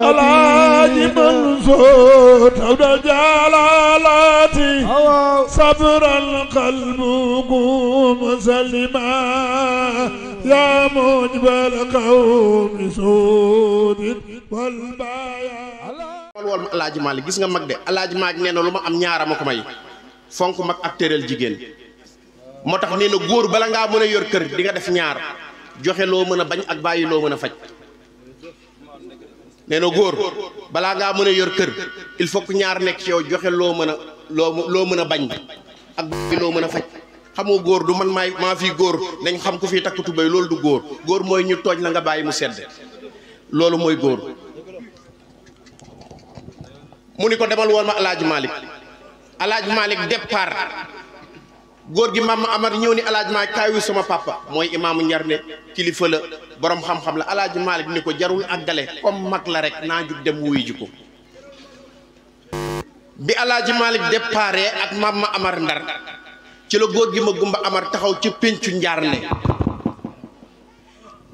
alaaji mansoor tawdal jalaalaati sabral qalbu muslima yaa mujbal qawmi suudin wal baaya wal wal ma alaaji Maalik gis nga mag de alaaji Maalik nee na lu ma am ñaara ma ko may fonk mag ak tëral jigéen moo tax nee na góor bala ngaa mën a yor kër di nga def ñaar joxe loo mën a bañ ak bàyyi loo mën a faj nee na góor balaa ngaa mën a yor kër il faut ñaar nekk ci yow joxe loo mën a loo loo mën a bañ ak loo mën a faj xamoo góor du man maay maa fii góor dañ xam ku fi takk tubéy loolu du góor góor mooy ñu tooj la nga bàyyi mu sedd loolu mooy góor mu ni ko demal woon ma alaaj Malick alaaj Malick départ góor gi maam Amar ñëw ni alaaj Maalik kaayu sama papa mooy imaamu Njarnde kilifa la boroom xam-xam la alaaj Maalik ni ko jarul àggale comme mag la rek naa jug dem wuyu ko bi alaaj Maalik départ ak maam Amar Ndar ci la góor gi ma gumba Amar taxaw ci pinc péncu Njarnde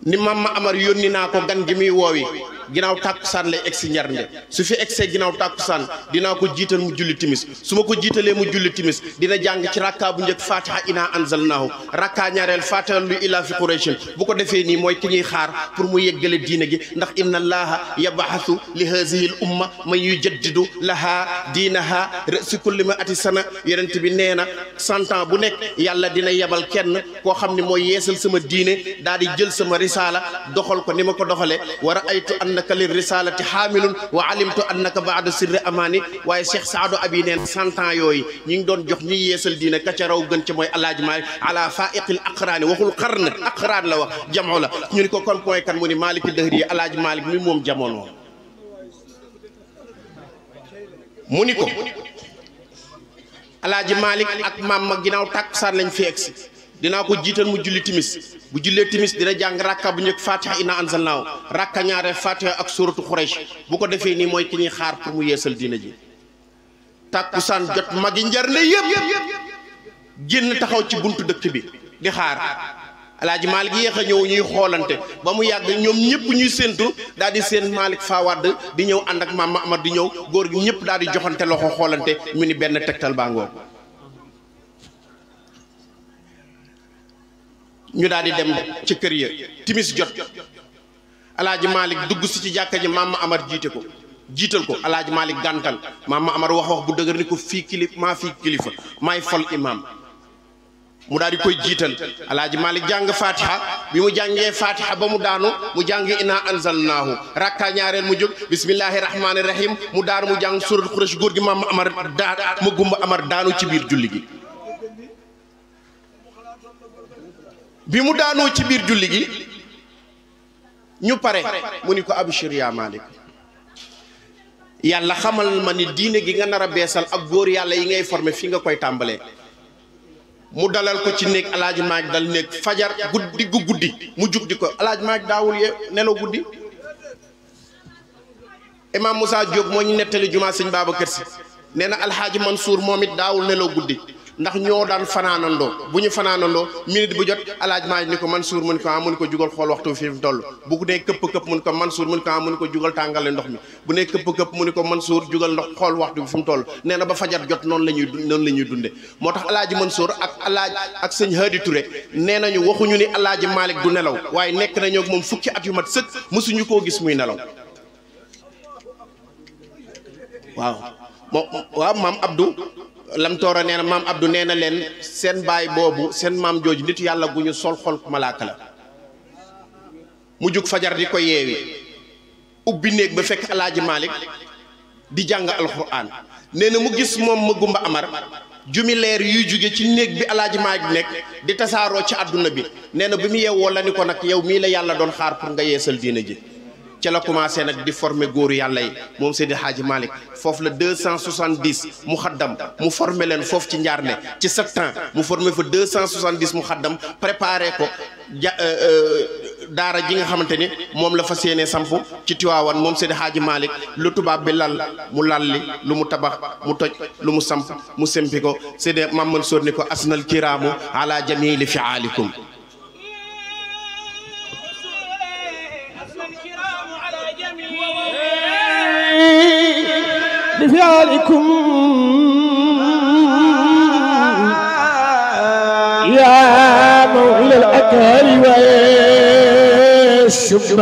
ni maam Amar yónni naa ko gan gi muy woowi ginnaaw tàkkusaan lay egsi njarnde su fi egsee ginnaaw tàkkusaan dinaa ko jiital mu julli timis su ma ko jiitalee mu julli timis dina jàng ci rakka bu njëkk fatiha ina anzalnahu rakka ñaareel fatiha lu ila fi qurayshin bu ko defee nii mooy ki ñuy xaar pour mu yeggale diine gi ndax inna allaha yabaxasu li hazihi l umma man yujaddidu diina diinaha rësi kulli ma ati sana yonent bi nee na cent ans bu nekk yàlla dina yebal kenn koo xam ne mooy yeesal sama diine daal di jël sama risaala doxal ko ni ma ko doxalee innaka lir risalati xaamilun wa alimtu annaka baada sirri amaani waaye Cheikh Saadu abi neen yooyu ñu ngi doon jox ñu yeesal diina kaca raw gën ca mooy alaaji maalik ala faiqil aqraani waxul qarn aqraan la wax jamoo la ñu ni ko kon point kan mu ni maaliki dëhri yi moom jamono mu ni ko alaaji maalik ak maam ma ginnaaw tàkkusaan lañ fi egsi dinaa ko jiital mu julli timis bu jullee timis dina jàng rakka bu njëkk fatiha ina anzalnaaw rakka ñaare fatiha ak suratu xurees bu ko defee nii mooy ki ñuy xaar pour mu yeesal diina ji tàkkusaan jot yi njar ne yëpp génn taxaw ci buntu dëkk bi di xaar alaaji Malick yéex a ñëw ñuy xoolante ba mu yàgg ñoom ñëpp ñuy séentu daal di seen Malick Fawad di ñëw ànd ak maam Amad di ñëw góor gi ñëpp daal di joxante loxo xoolante mu ni benn tegtal baa ñu daal di dem ci kër ya timis jot alaaji Malick dugg si ci jàkka ji ma Amar jiite ko jiital ko alaaji Malick gàntal ma Amar wax wax bu dëgër ni ko fii kilif maa fii kilifa maay fol imaam mu daal di koy jiital alaaji Malick jàng fatiha bi mu jàngee fatiha ba mu daanu mu jàng inaa anzalnaahu rakka ñaareel mu jóg bismillahi rahmaani rahim mu daanu mu jàng surat xuraj góor gi ma Amar daa ma gumba Amar daanu ci biir julli gi bi mu daanoo ci biir julli gi ñu pare mu ni ko abshir yaa Maalik yàlla xamal ma ni diine gi nga nar a beesal ak góor yàlla yi ngay forme fii nga koy tàmbalee mu dalal ko ci néeg alaaji maaj dal néeg fajar guddi guddi mu jug di ko alaaji maaj daawul ye nelaw guddi imaam Moussa Diop moo ñu nettali jumaa sëñ Babacar Si ne na alxaaji Mansour moom it daawul nelaw guddi ndax ñoo daan fanaanandoo bu ñu fanaanandoo minute bu jot alaaj maaj ni ko Mansour mu ni ko ah mu ni ko jugal xool waxtu fi mu toll bu ko nee këpp këpp ko Mansour mu ni ko ah mu ko jugal tàngale ndox mi bu nee këpp këpp mu ni ko Mansour jugal ndox xool waxtu bi fi mu toll nee na ba fajar jot noonu la ñuy noonu la ñuy dunde moo tax alaaji Mansour ak alaaj ak sëñ Hadi Touré nee nañu waxuñu ni alaaji Malick du nelaw waaye nekk nañu ak moom fukki at yu mat sëkk mësuñu koo gis muy nelaw waaw maam Abdou lam toora nee na maam àddu nee na leen seen baay boobu seen maam jooju nit yàlla gu ñu sol xol malaaka la mu jug fajar di ko yeewi ubbi néeg ba fekk alaaji Malick di jàng alxuraan nee na mu gis moom ma gumba amar jumi leer yuy jóge ci néeg bi alaaji Malick nekk di tasaaroo ci àdduna bi nee na bi mu yeewoo la ni ko nag yow mii la yàlla doon xaar pour nga yeesal diina ji ce la commencé nag di former góoru yàlla yi moom Seydi Hadji Malick foofu la deux cent soixante-dix mu xaddam mu former leen foofu ci njaar ne ci sept ans mu former fa deux cent soixante-dix mu xaddam prépare ko ja euh, euh, daara ji nga xamante ni moom la fa yéenee samp ci Tiwaawan moom Seydi Hadji Malick lu tubaab bi lal mu lalli lu mu tabax mu toj lu mu samp mu sempi ko Seydi Mamadou Sow ni ko asnal kiraamu ala jamili fiaalikum بفعلكم يا مولى الأكل والشباب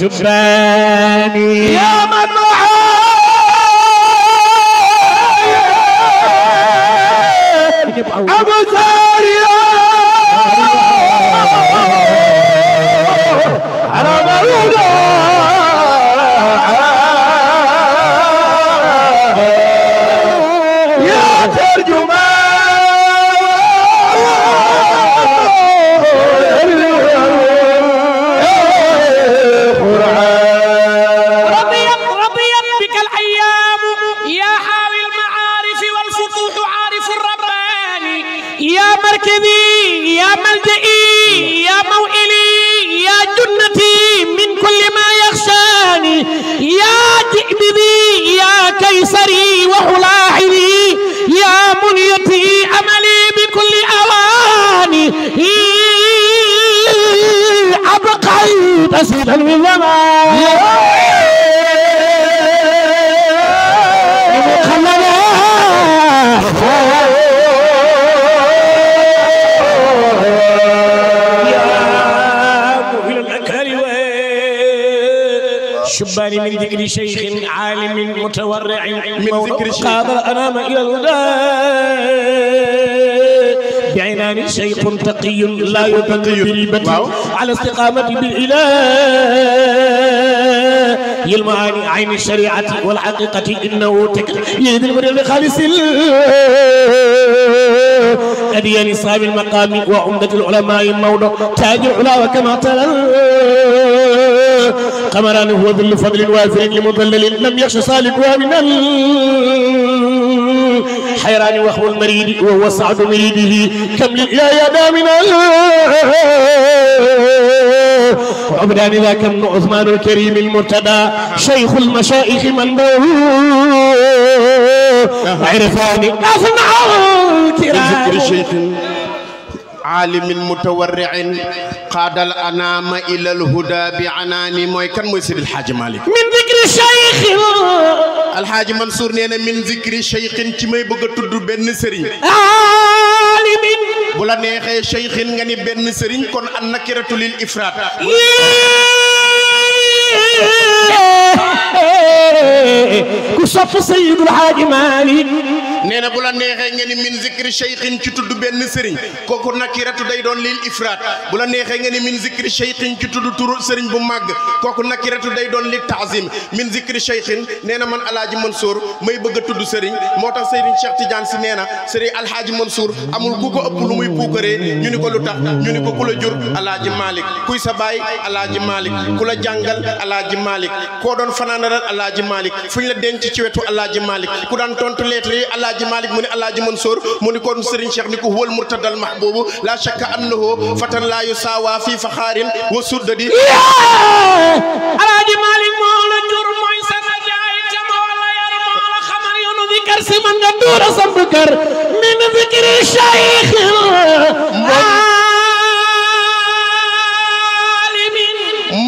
شباني يا من سلم الزمان شباني من ذكر شيخ عالم متورع من ذكر شيخ قابل أنام إلى الوداع الإسلام شيخ تقي لا يبك بريبة على استقامة بالإله المعاني عين الشريعة والحقيقة إنه تكل يهدي المريض بخالص أديان صاحب المقام وعمدة العلماء الموضع تاج العلا وكما تلا قمران هو ذل فضل وافر لمضلل لم يخش صالح وامنا الحيران وهو المريد وهو سعد مريده كم يا يا دامنا وعبدان ذا كم عثمان الكريم المرتدى شيخ المشايخ منبوه عرفان أصنع الكرام aalimin mutawarriin qaadal anaama ilal huda bi anaani mooy kan mooy Seydil Hadji Malick min zikri cheikhin alhaaji Mansour nee na min zikri cheikhin ci may bëgg a tudd benn sëriñ aalimin bu la neexee cheikhin nga ni benn sëriñ kon an nakiratu lil ifraat ku sopp Seydil Hadji Malick nee na bu la neexee ngeen ni min zikri cheikhin ci tudd benn sëriñ kooku nakiratu day doon lil ifraat bu la neexee ngeen ni min zikri cheikhin ci tudd turu sëriñ bu màgg kooku nakiratu day doon li taazim min zikri cheikhin nee na man alaaji Mansour may bëgg a tudd sëriñ moo tax sëriñ Cheikh Tidiane si nee na sëriñ alhaaji Mansour amul ku ko ëpp lu muy puukaree ñu ni ko lu tax ñu ni ko ku la jur alaaji Malick kuy sa baay alaaji Malick ku la jàngal alaaji Malick koo doon fanaanaral alaaji Malick fu ñu la ci wetu alaaji Malick ku alaaji malik mu ni alaaji mansour mu ni kon sëriñ cheikh ni ko huwal murtadal mahbubu la shakka annahu fatan la yusawa fi faxaarin wa suddadi alaaji malik moo la jur mooy sa jaay te moo la yar moo la xamal yoonu zikar si man nga door a samp kër min zikri cheikh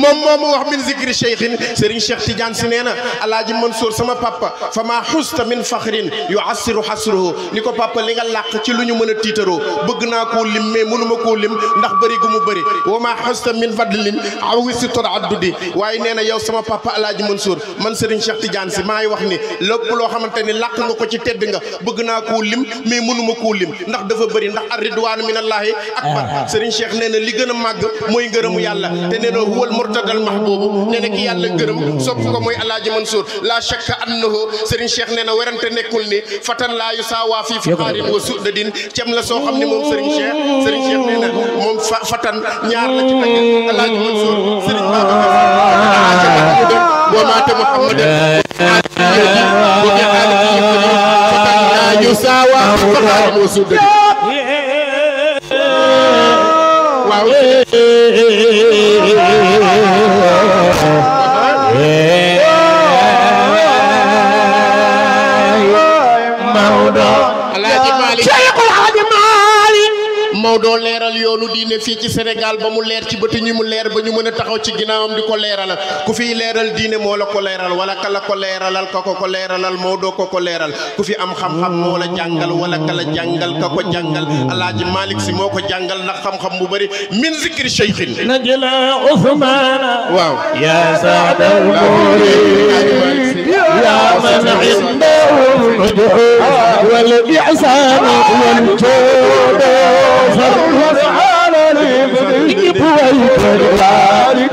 moom moomu wax min zikri cheikhin Serigne Cheikh Tidiane si nee na alaaji Mansour sama papa fa maa xusta min faxrin yu assiru xasruhu ni ko papa li nga làq ci lu ñu mën a tiitaroo bëgg naa koo lim mais mënuma koo lim ndax bëri gu mu bëri wa maa xusta min fadlin awi si addudi waaye nee na yow sama papa alaaji Mansour man Serigne Cheikh Tidiane si maay wax ni lépp loo xamante ni làq nga ko ci tedd nga bëgg naa koo lim mais mënuma koo lim ndax dafa bëri ndax ar ridwaanu minallahi akbar ah, ah. Serigne Cheikh nee na li gën a màgg mooy ngërëmu yàlla murtadal mahboobu nee na ki yàlla gërëm sopp ko mooy alaaji Mansour la shakka annahu Serigne Cheikh nee na werante nekkul ni fatan laa yu saawaa fii fuqaarin wa sudadin cem la soo xam ne moom Serigne Cheikh Serigne moom fatan ñaar la ci tagg alaaji Mansour Serigne Babacar wa maata Muhammadan waaw diine fii ci Sénégal ba mu leer ci bët ñi mu leer ba ñu mën a taxaw ci ginnaawam di ko leeralal ku fi leeral diine moo la ko leeral wala ka la ko leeralal ka ko ko leeralal moo doo ko ko leeral ku fi am xam-xam moo la jàngal wala ka la jàngal ka ko jàngal alaaji Malick si moo ko jàngal ndax xam-xam bu bëri min zikri cheikhin najla Ousmane waaw yaa saada yaa man indahu wal ihsan wal juud المجيب والجبار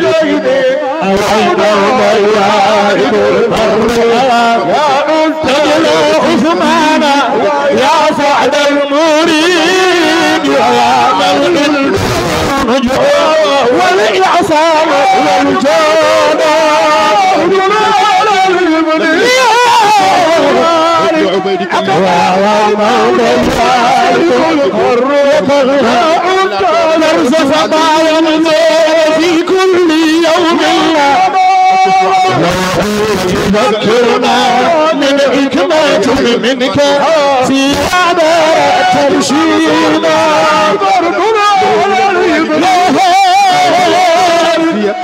أوحيد الوارد البر يا مرتجل عثمان يا سعد المريد يا ملك الرجوع والإعصام والجنة منك زيادة ترشينا مرمنا الإبلاه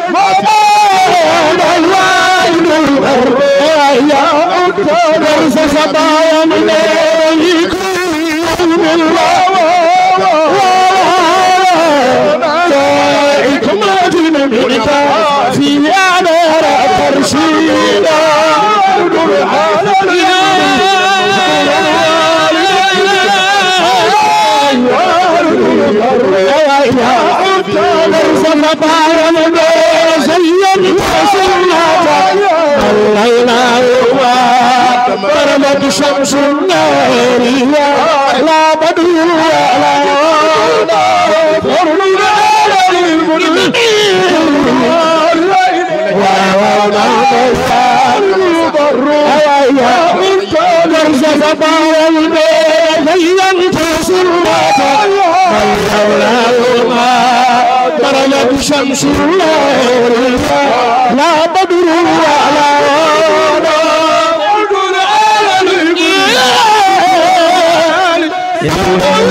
مضان الوعد المرمى يا أكثر سبايا منك شمس النار لا بدر ولا فرد على المنكر وعلى من بر من كان زفا والبيت ينتصر من حولهما برمت شمس النار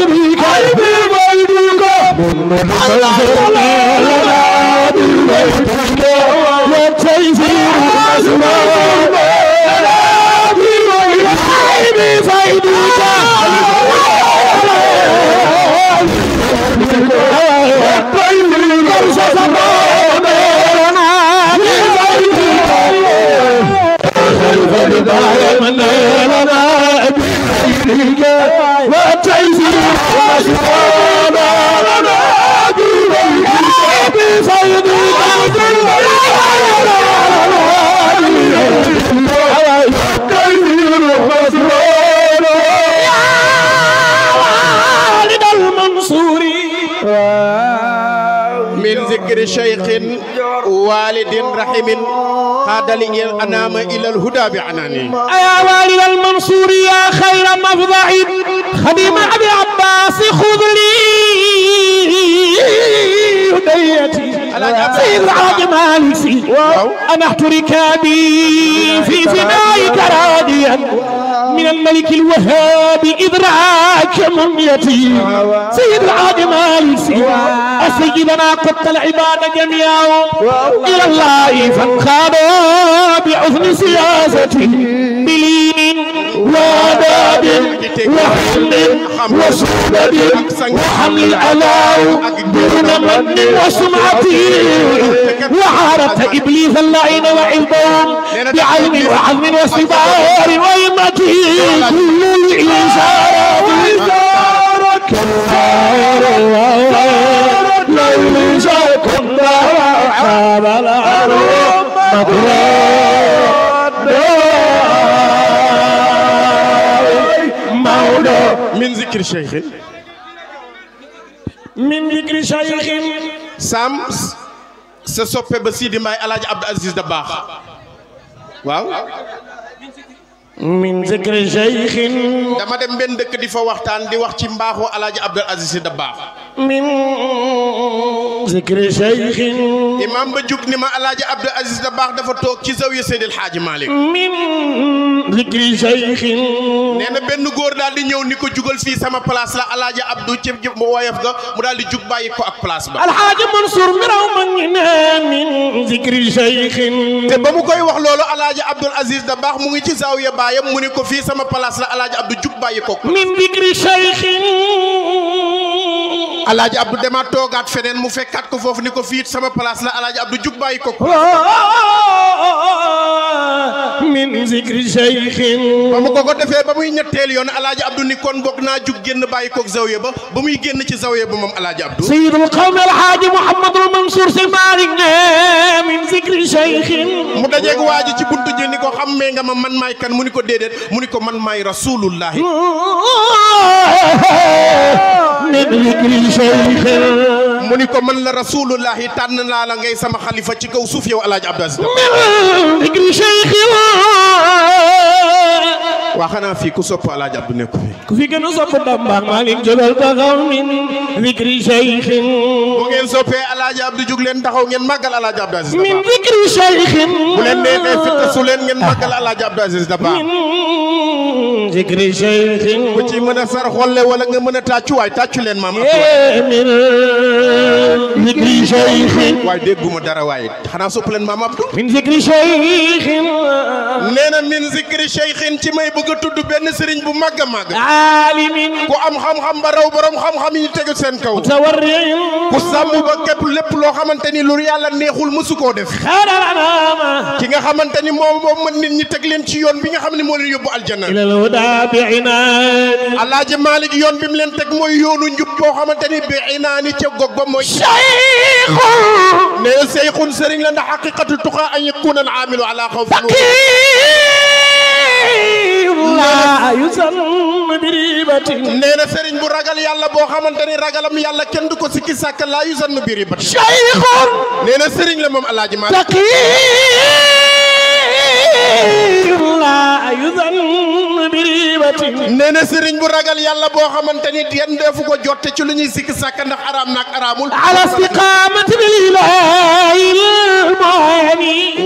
غيرك حبيب قلبك مقدم قاد لي الأنام إلى الهدى بعناني أيا والي المنصور يا خير مفضع خديم أبي عباس خذ لي هديتي سيد العراج مالك انا احت ركابي في فنائك راديا من الملك الوهاب إدراك منيتي سيد العاد مالك سيدنا قد العباد جميعا إلى الله فانخابوا بعثن سياستي بلي وعداد وحسن وسودة وحمل ألاو دون من وسمعته وعارة إبليس اللعين وعلبهم بعلم وعزم وصبار وإمته كل الإنسان وإزارة كالنار لو جاكم لا عذاب العروم مطرار داود من ذكر شيخ من ذكر شيخ سام sa soppe ba Sidi Maay Alaaji Abdou Aziz da baax waaw dama dem benn dëkk di fa waxtaan di wax ci mbaaxu Alaaji Abdou Aziz da baax min zikri shaykhin imam ba jug ni ma alaaji Abdou Aziz da baax dafa toog ci zawiya Seydil Hadji Malick min zikri shaykhin nee na benn góor daal di ñëw ni ko jugal fii sama place la alaaji Abdou ci mu woyof ga mu daal di jug bàyyi ko ak place ba alaaji Mansour mi raw ma ngi ne min zikri shaykhin te ba mu koy wax loolu alaaji Abdou Aziz da baax mu ngi ci zawiya baayam mu ni ko fii sama place la alaaji Abdou jug bàyyi ko min zikri shaykhin alaaji abdou demaat toogaat feneen mu fekkaat ko foofu ni ko fiit sama place la alaaji abdou jug bàyyi ko min zikri cheikhin ba mu ko ko defee ba muy ñetteel yoon alaaji abdou ni kon bokk naa jug génn bàyyi koog zawiya ba ba muy génn ci zawiya ba moom alaaji abdou sayyidul qawmi alhaaji mouhamadul mansour si malik ne mu dajeeg waa ji ci buntu ni ko xammee nga ma man maay kan mu ni ko déedéet mu ni ko man maay rasulullahi min zikri shaykh mu ni ko man la rasulullahi tànn naa la ngay sama xalifa ci kaw suuf yow El Hadj Abdou Aziz waa xanaa fii ku sopp alaaj Abdu nekku fi ku fi gënu sopp Bamba Malick jógal taxaw min zikri shaykhin bu ngeen soppee alaaj Abdu jóg leen taxaw ngeen màggal alaaj Abdu Aziz Dabakh min zikri shaykhin bu leen nee fittasu leen ngeen màggal alaaj Abdu Aziz ku ci mën a sar xolle wala nga mën a tàccu waay tàccu leen maam min min zikri shaykhin nee min zikri shaykhin ci may bëgg ma tudd benn sëriñ bu màgg a màgg alimin ku am xam-xam ba raw borom xam-xam yi ñu tegu seen kaw mutawarrin ku sàmm ba képp lépp loo xamante ni lu yàlla neexul mësu koo def xadaranaama ki nga xamante ni moom moom mën nit ñi teg leen ci yoon bi nga xam ne moo leen yóbbu aljana ilal huda bi inaani alaaji Malik yoon bi mu leen teg mooy yoonu njub boo xamante ni bi inaani ca gog ba mooy seyxun ne seyxun sëriñ la ndax xaqiqatu tuqa an yakuuna al aamilu ala xawfin laa yusann bi ribatin nee na sëriñ bu ragal yàlla boo xamante ni ragalam yàlla kenn du ko sikki sàkk laa yusann bi ribatin cheikhun nee na sëriñ la moom alaaji ma laa yusann bi ribatin nee na sëriñ bu ragal yàlla boo xamante ni kenn defu ko jotte ci lu ñuy sikki sàkk ndax araam naak araamul ala istiqaamati billahi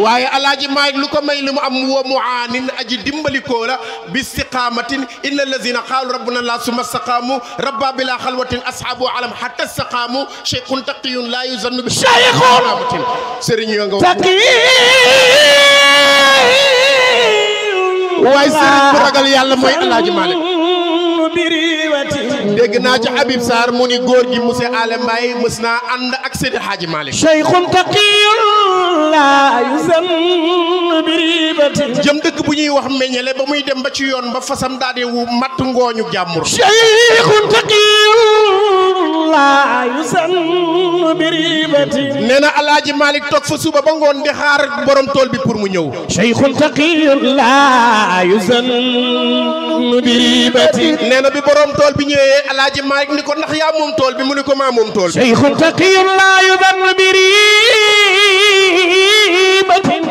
waaye alaaji maalik lu ko may li mu am wa muaanin aji dimbalikoo la bi istiqaamatin inna allazina qaalu rabbuna laa summa staqaamu rabba bila xalwatin ashaabu alam hatta staqaamu cheikhun taqiyun laa yuzannu bi cheikhun sëriñ yo nga waaye sëriñ bu ragal yàlla mooy alaaji maalik dégg naa ci Habib Sarr mu ni góor gi monsieur Alé Mbaye mës naa ànd ak Seydi Hadji Malick cheikhun taqiyun jëm dëkk bu ñuy wax meññele ba muy dem ba ci yoon ba fasam daal di wu ngooñu jàmmur cheikhun taqiyun la yusannu bi ribati na alaaji Malick toog fa suba ba ngoon di xaar borom tool bi pour mu ñëw cheikhun taqiyun la bi ribati na bi borom tool bi ñëwee alaaji Malick ni ko ndax yaa moom tool bi mu ni ko maa moom tool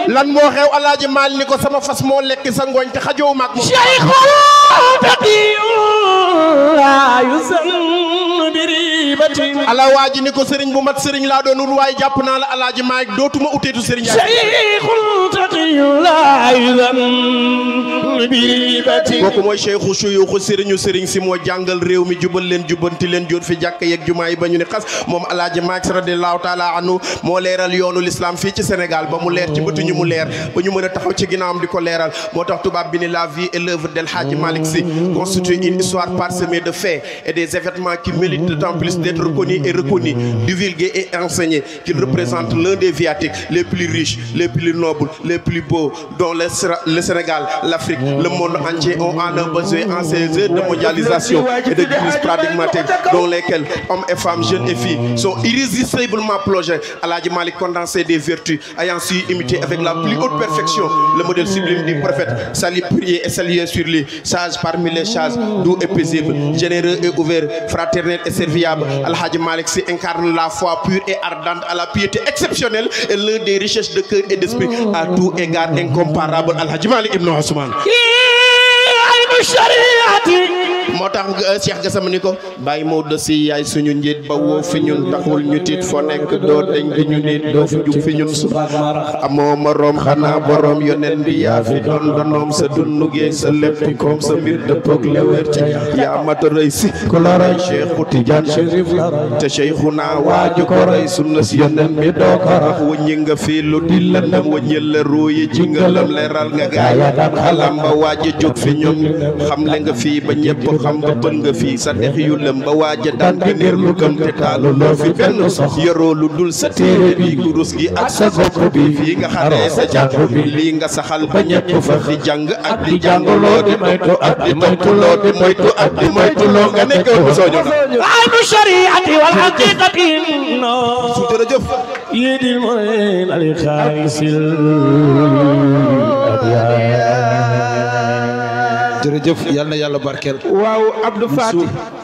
lan moo xew alaaji maal ni ko sama fas moo lekk sa ngooñ te xajoow maag moom ala waaji ni ko sëriñ bu mat sëriñ laa doonul waaye jàpp naa la alaaji maalik dootuma uteetu sëriñ yaa kooku mooy cheikhu suyuuxu sëriñu sëriñ si moo jàngal réew mi jubal leen jubanti leen jóor fi jàkk yeeg jumaa yi ba ñu ne xas moom alaaji maak radiallahu taala anu moo leeral yoonu l'islam fii ci Sénégal ba mu leer ci bëtu ñu mu leer ba ñu mën a taxaw ci am di ko leeral moo tax tubaab bi ni la vie et l'œuvre del Hadji Malick Sy constitue une histoire parsemée de faits et des événements qui méritent d'autant plus d'être connus et reconnus divulgués et enseignés qu'il des viatiques les plus riches les plus beaux dont le, le Sénégal, l'Afrique, le monde entier ont en un besoin en ces heures de mondialisation et de crise paradigmatique dans lesquelles hommes et femmes, jeunes et filles sont irrésistiblement plongés. Aladji Malik condensé des vertus ayant su imiter avec la plus haute perfection le modèle sublime du prophète. Salut, et saluer sur lui, sage parmi les sages, doux et paisible, généreux et ouvert, fraternel et serviable. à la piété exceptionnelle tout égard incomparable Al Hadj Malick Ibn Ousmane. moo tax euh, Cheikh Gassama ni ko bàyyi moo dësi yaay suñu njiit ba woo fi ñun taxul ñu tiit foo nekk doo deñ di ñu nit doo fi jug fi ñun amoo moroom xanaa boroom yoneen bi yaa fi doon sa dundu geeg sa léppi koom sa mbir dëppoog lewer ci yaa mata rëy si ku la rëy Cheikhu Tijaan Chérif te Cheikhu naa waaju ko rëy sunna si yoneen bi doo ko rax wëññi nga fii lu di lëndëm wëññi la ruu yi ji nga lam nga gaaya daan xalam ba waaji jug fi ñun xam le nga fii ba ñëpp xam nga bën nga fii sa dex yu lëm ba waaja daan di néer lu gëm te taalu loo fi benn sox lu dul sa téere bi kurus gi ak sa bopp bi fii nga xaree sa jàng bi lii nga saxal ba ñëpp fa di jàng ak di jàng loo di moytu ak di moytu loo nga nekk bu sooñu na aynu shariati wal haqiqati su jërëjëf yéedil jërëjëf yal na yàlla barkeel. waaw Abdou Fati.